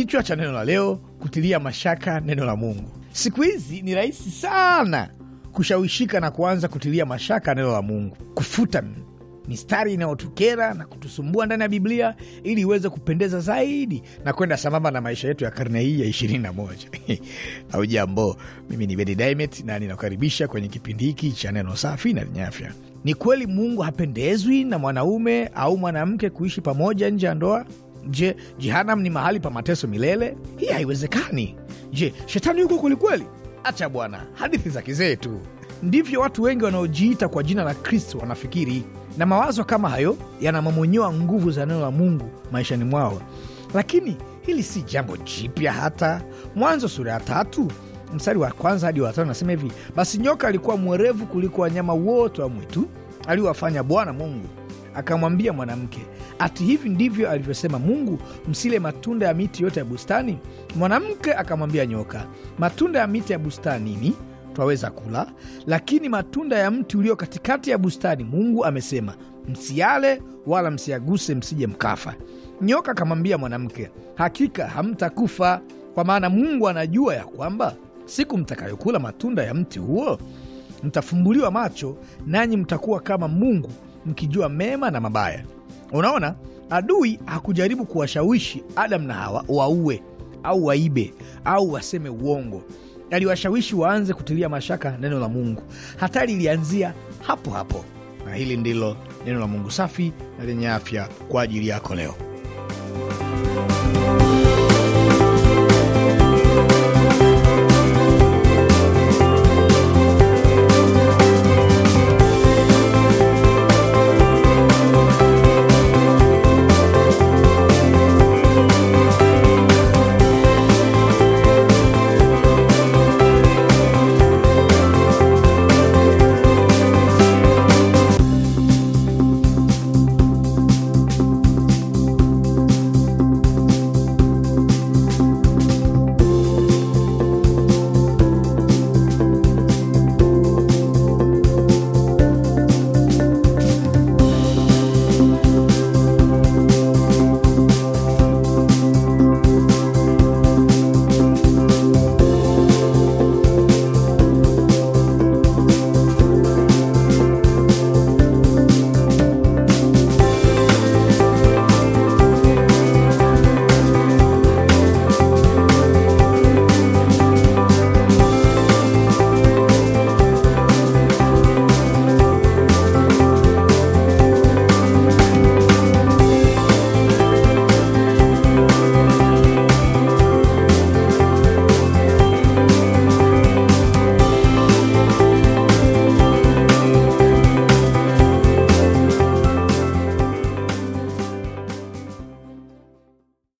Kichwa cha neno la leo: kutilia mashaka neno la Mungu. Siku hizi ni rahisi sana kushawishika na kuanza kutilia mashaka neno la Mungu, kufuta mistari inayotukera na kutusumbua ndani ya Biblia ili iweze kupendeza zaidi na kwenda sambamba na maisha yetu ya karne hii ya moja. Au jambo, mimi ni Bedi Dimet na ninakukaribisha kwenye kipindi hiki cha neno safi na lenye afya. Ni kweli Mungu hapendezwi na mwanaume au mwanamke kuishi pamoja nje ya ndoa? Je, Jehanam ni mahali pa mateso milele? Hii haiwezekani. Je, shetani yuko kwelikweli? Acha bwana, hadithi za kizee tu. Ndivyo watu wengi wanaojiita kwa jina la Kristo wanafikiri, na mawazo kama hayo yanamomonyoa nguvu za neno la Mungu maishani mwao. Lakini hili si jambo jipya hata. Mwanzo sura ya tatu mstari wa kwanza hadi watano nasema hivi: basi nyoka alikuwa mwerevu kuliko wanyama wote wa mwitu aliowafanya Bwana Mungu, Akamwambia mwanamke, ati hivi ndivyo alivyosema Mungu, msile matunda ya miti yote ya bustani? Mwanamke akamwambia nyoka, matunda ya miti ya ni twaweza kula, lakini matunda ya mti ulio katikati ya bustani Mungu amesema msiale, wala msiaguse, msije mkafa. Nyoka akamwambia mwanamke, hakika hamtakufa, kwa maana Mungu anajua ya kwamba siku mtakayokula matunda ya mti huo mtafumbuliwa macho, nanyi mtakuwa kama Mungu mkijua mema na mabaya. Unaona, adui hakujaribu kuwashawishi adamu na Hawa waue au waibe au waseme uongo. Aliwashawishi waanze kutilia mashaka neno la Mungu. Hatari ilianzia hapo hapo, na hili ndilo neno la Mungu safi na lenye afya kwa ajili yako leo.